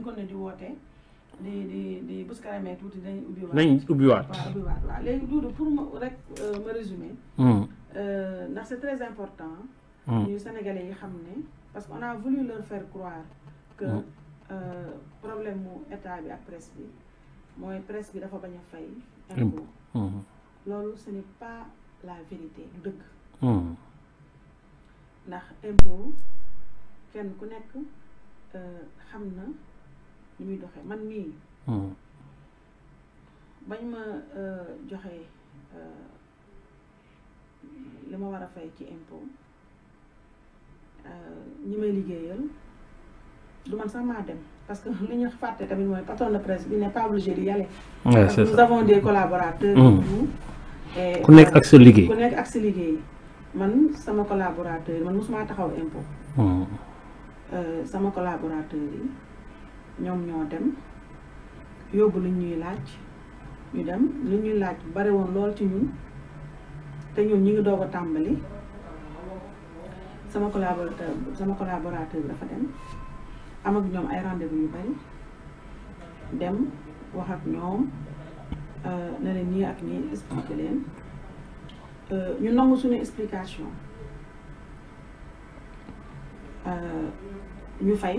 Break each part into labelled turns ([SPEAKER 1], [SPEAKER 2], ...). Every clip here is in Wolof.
[SPEAKER 1] dañ ko ne di wootee di di di bu si kanamee ubi wat ubbiwaat dañ ubbiwaat waaw ubbiwaat waaw Doudou pour ma rek euh, ma résumer hmm. euh, ndax c'est très important hmm. ñu sénégalais yi xamné parce qu'on a voulu leur faire croire que hmm. euh, problème mu état bi ak presse bi moy presse bi dafa baña a fay impôt loolu ce n'est pas la vérité deug dëgg ndax impôt kenn ku nekk euh xamna ni muy doxee man mii hmm. bañ ma euh, joxe euh, li ma war a fay ci impôt euh, ñi may liggéeyal du man sax maa dem parce que li ñu fàtte tamit mooy patron de presse bi n'est pas obligé di yàlle nous avons des collaborateurs tout hmm. ku nekk ak sa liggéey ku nekk ak sa liggéey man sama collaborateur man mosuma taxaw impôt hmm. sama collaborateur yi ñoom ñoo dem yóbbu lu ñuy laaj ñu dem lu ñuy laaj bari woon lool ci ñun te ñun ñu ngi doog a tàmbali sama collaborateur sama collaborateur dafa dem am ak ñoom ay rendez-vous ñu bari dem wax ak ñoom euh, ne leen nii ak nii expliqué leen euh, ñu nangu suñu explication euh, ñu fay.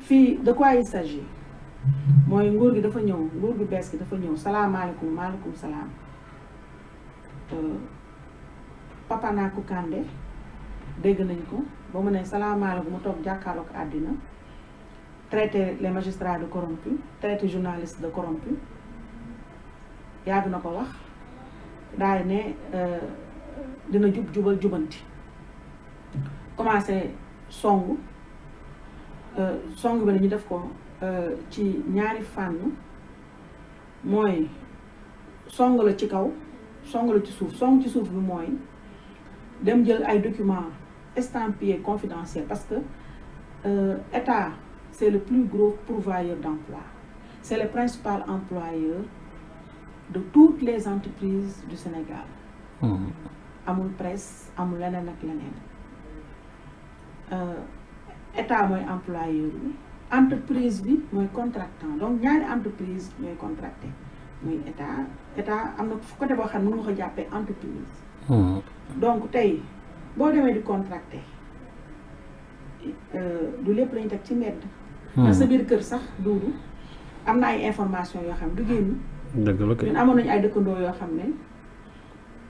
[SPEAKER 1] fi de quoi il s'agit Moi, nguur gi dafa ñëw nguur gi bees gi salam. ñëw salaamaaleykum salam euh, Papa Nacou Kandé dégg nañ ko ba mu ne salaamaaleykum mu toog jàkkaarloog àddina traité les magistrats de corrompus traité journalistes de corrompus yag na ko wax daay ne euh, dina jub jubal jubanti commencé songu euh, song ba ñu def ko euh, ci ñaari fànn moy song la ci kaw song la ci souf song ci souf bi moy dem jël ay documents estampillés confidentiels parce que euh, état c'est le plus gros pourvoyeur d'emploi, c'est le principal employeur de toutes les entreprises du Sénégal mmh. amul presse amul lenen ak euh état moy employeur bi entreprise bi moy contractant donc ñaari entreprise moy contracté moy état état am na côté bo xam ne ko jappé entreprise hmm. donc tay bo démé di contracté euh du lepp lañu teg ci mbedd na hmm. sa bir kër sax duudu am na ay information yo xam du génn deug la kay ñun amoon nañu ay dëkkandoo yo xam ne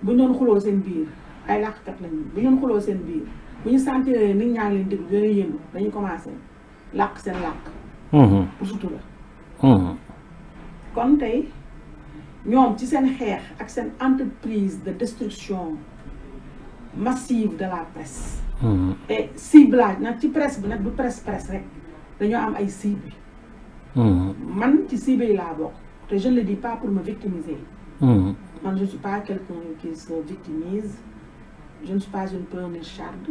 [SPEAKER 1] bu ñu doon xulo seen biir ay lakkat lañu bu ñu doon xulo seen biir bu ñu sentir ne nit ñaa ngi leen déglu dinañ yëngu dañuy commencé làkk seen làkk. Mm-hmm. pour sutura. Mm-hmm. kon tey ñoom ci seen xeex ak seen entreprise de destruction massive de la presse. Mm-hmm. et ciblage nag ci presse bi nag du presse presse rek dañoo am ay cible. man ci cible yi laa bokk te je ne le dis pas pour me victimiser. man je ne suis pas quelqu'un qui se victimise je ne suis pas une pleurnicharde.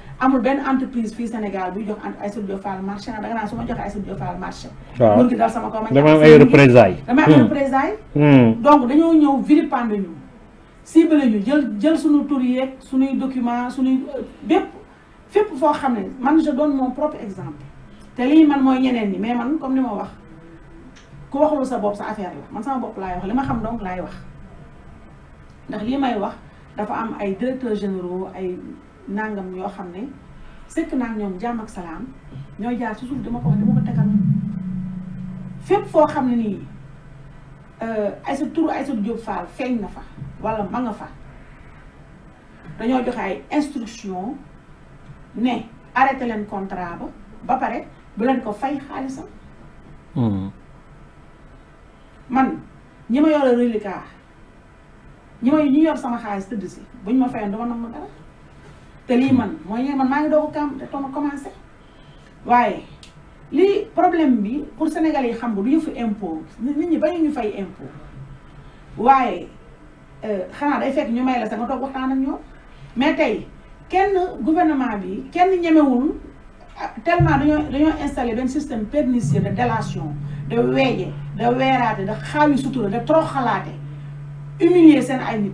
[SPEAKER 1] amul benn entreprise fii Sénégal buy jox Aïssatou Diop Je marché un nga marché. dal sama dama am ay représailles dama hmm. représailles. Hmm. donc dañoo ñëw ñu ciblé ñu jël jël suñu tur yeeg document suñuy euh, man je donne mon propre exemple te lii man mooy ñeneen ni mais man comme ni ma wax ku sa bopp sa affaire la man sama bopp laay wax li xam donc laay wax ndax may wax dafa am ay ay. nàngam yoo xam ne sëkk naa ñoom jàmm ak salaam ñooy jaar ci suuf dama ko wax dama ko tegal foo xam ne nii euh, Aïssatou turu Aïssatou Diop Fall feeñ fa wala ma fa dañoo joxe ay instruction ne arrêté leen contrat ba ba pare bu ko fay xaalisam hmm. man ñi ma yore reliquat ñi ma ñu yor sama xaalis tëdd si buñ ma fayoon dama nam ma def te lii man mooy man maa ngi doog a commencé waaye lii problème bi pour Sénégal yi xam bu du yëfu impôt nit ñi bañu ñu fay impôt waaye euh, xanaa day fekk ñu may la sax nga toog waxtaan ak ñoom mais tey kenn gouvernement bi kenn ñemewul ah, tellement dañoo dañoo installé benn système pernicier de délation de weeje de weeraate de xaawi sutura de toroxalaate humilier seen ay nit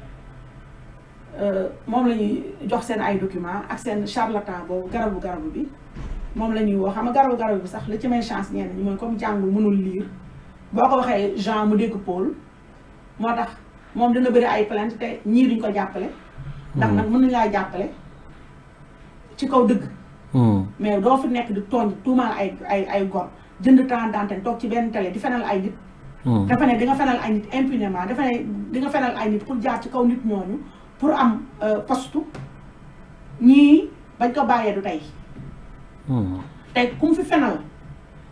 [SPEAKER 1] Euh, moom la jox seen ay document ak seen charlatan boobu garabu garabu bi moom la ñuy woo xam garabu garabu bi sax la ci may chance ñenn ñi mooy comme jàngul mënul liir boo ko waxee Jean mu dégg Paul moo tax moom dina bëri ay plainte te ñii duñ ko jàppale. ndax nag mënuñ laa jàppale ci kaw dëgg. Hmm. mais doo fi nekk di tooñ tuumaal ay ay ay góor jënd temps d'antenne toog ci benn télé di fenal ay nit. Hmm. dafa ne di nga fenal ay nit impunément dafa ne di nga fenal pour jaar ci kaw nit ñooñu. pour am euh, poste ñii bañ ko bàyyee du tey hmm. tey ku mu fi fenal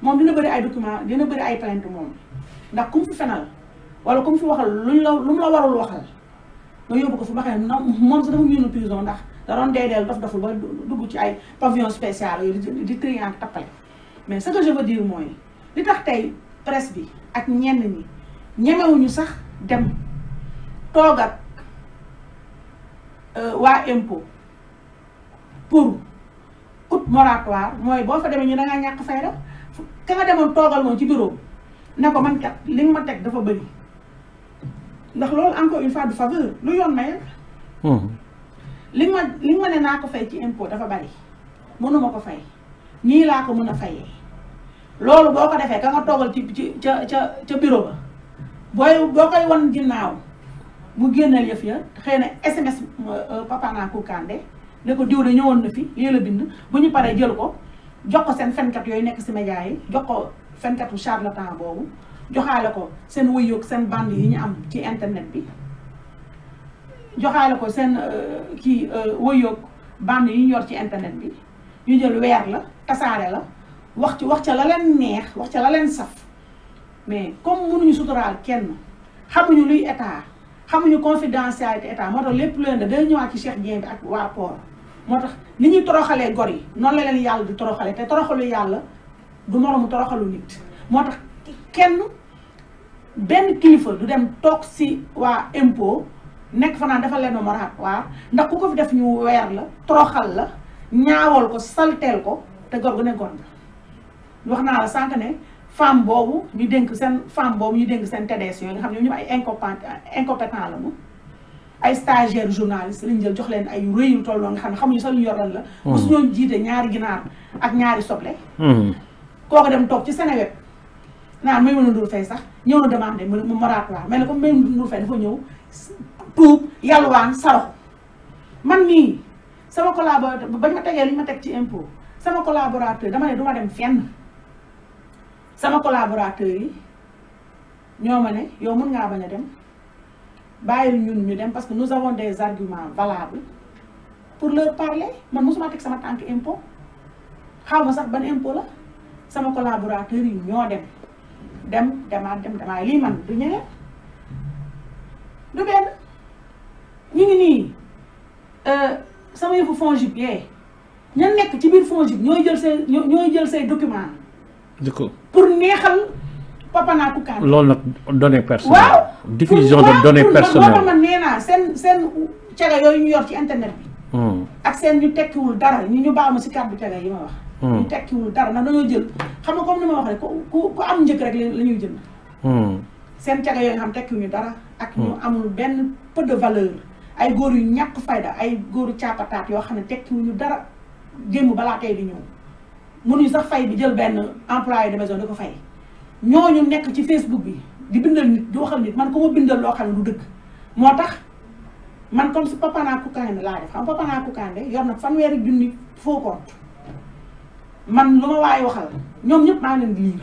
[SPEAKER 1] moom dina bëri ay document dina bëri ay plainte moom ndax ku mu fi fenal wala ku mu fi waxal ñu la lu mu la warul waxal nga yóbbu ko fu ma xam ne moom sax dafa génn prison ndax da doon deedeel daf daful ba dugg ci ay pavillon spéciale yooyu di triant tappale mais ce que je veux dire mooy li tax tey presse bi ak ñenn ñi ñemewuñu sax dem toogat Euh, waa impôt pour ut moratoire mooy boo fa demee ñu da ngaa ñàkk fayda ka a demoon toogal moom ci bureau ne ko man kat li nga ma teg dafa bëri ndax loolu encore une fois du faveur lu yoon maye. Hmm. li ma li ma ne naa ko fay ci impo dafa bari mënuma ko fay nii laa ko mën a fayee loolu boo ko defee ka nga toogal ci ci ca ca ca bureau ba booy boo koy wan ginnaaw. mu génneel yëf ya xëy na SMS euh, papa naa ko kande ne ko diw ñëwoon na fi lii la bind bu ñu paree jël ko jox ko seen fenkat yooyu nekk si média yi jox ko fenkatu charlatan boobu joxaale ko seen wëyoog seen band yi ñu am ci internet bi joxaale ko seen euh, kii euh, wëyoog band yi ñu yor ci internet bi ñu jël weer la tasaare la wax ci wax ca la leen neex wax ca la leen saf mais comme mënuñu suturaal kenn xamuñu luy état xamuñu confidentialité état moo tax lépp lu leen da day ñëwaat ci Cheikh Dieng bi ak waa port moo tax ni ñuy toroxalee gor yi noonu la leen yàlla di toroxalee te toroxalu yàlla du moroomu toroxalu nit moo tax kenn benn kilifa du dem toog si waa impôt nekk fa naan dafa leen a moraat waa ndax ku ko fi def ñu weer la toroxal la ñaawal ko salteel ko te gor gu ne gor wax naa la sànq ne femme boobu ñu dénk seen femme boobu ñu dénk seen TDS yooyu nga xam ne ñoom ay incompétent incompétent la mu ay stagiaire journaliste lañ jël jox leen ay rëy yu tolloo nga xam ne xamuñu sax lu la. Hmm. mosu ñoo jiite ñaari ginaar ak ñaari soble. Hmm. kooku dem toog ci Seneweb naan may fay sax ñëw na demandé mu mu moratoire mais comme may mën a ndur fay dafa ñëw tuub yalwaan sarox man nii sama collaborateur bañ ma tegee li ma teg ci impôt sama collaborateur dama ne du dem fenn. sama collaborateurs yi ñoo ma ne yow mën ngaa bañ a dem bàyyil ñun ñu dem parce que nous avons des arguments valables pour leur parler man mosuma teg sama tànk impo xaw ma sax ban impôt la sama collaborateurs yi ñoo dem dem demaat dem demaat lii man du ñeneen du benn ñu ngi nii euh, sama yëfu FONGIP yee ña nekk ci biir FONGIP ñooy jël say ñooy jël say document pour neexal Papanacou Kandé. loolu nag données personnelles. waaw diffusion de données personnelles waaw pour man nee naa seen seen cere yooyu ñu yor ci internet bi. Hmm. ak seen ñu tekkiwul dara ñu ñu baax ma si kàddu cere yi ma wax. Hmm. ñu tekkiwul dara nag dañoo jël xam nga comme ni ma wax rek ku ku am njëkk rek la ñuy jël. Hmm. seen cere yooyu am xam tekkiwuñu dara. ak ñu amul benn peu de valeur. ay góor yu ñàkk fayda ay góoru caapataat yoo xam ne tekkiwuñu dara démb balaa tey di ñëw. mënuñ sax fay bi jël benn employé de maison di ko fay ñooñu nekk ci Facebook bi di bindal nit di waxal nit man ko ma bindal loo xam ne du dëgg moo tax man comme si Papana Koukandé laa def xam Papana Koukandé yor na fanweeri junni faux compte man lu ma waaye waxal ñoom ñëpp maa ngi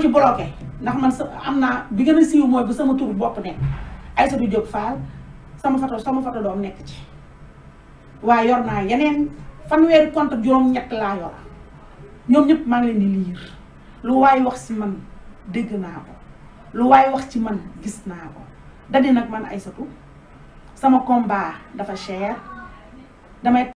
[SPEAKER 1] ci bloqué ndax man am naa bi gën a siiw mooy bu sama tur bopp nekk Aïssatou Diop Fall sama photo sama photo doom nekk ci yor naa yeneen fanweeri compte ak juróom-ñett laa yor ñoom ñëpp maa ngi leen di liir lu waay wax ci man dégg naa ko lu waay wax ci man gis naa ko dadi nag man Aysatu sama combat dafa cher damay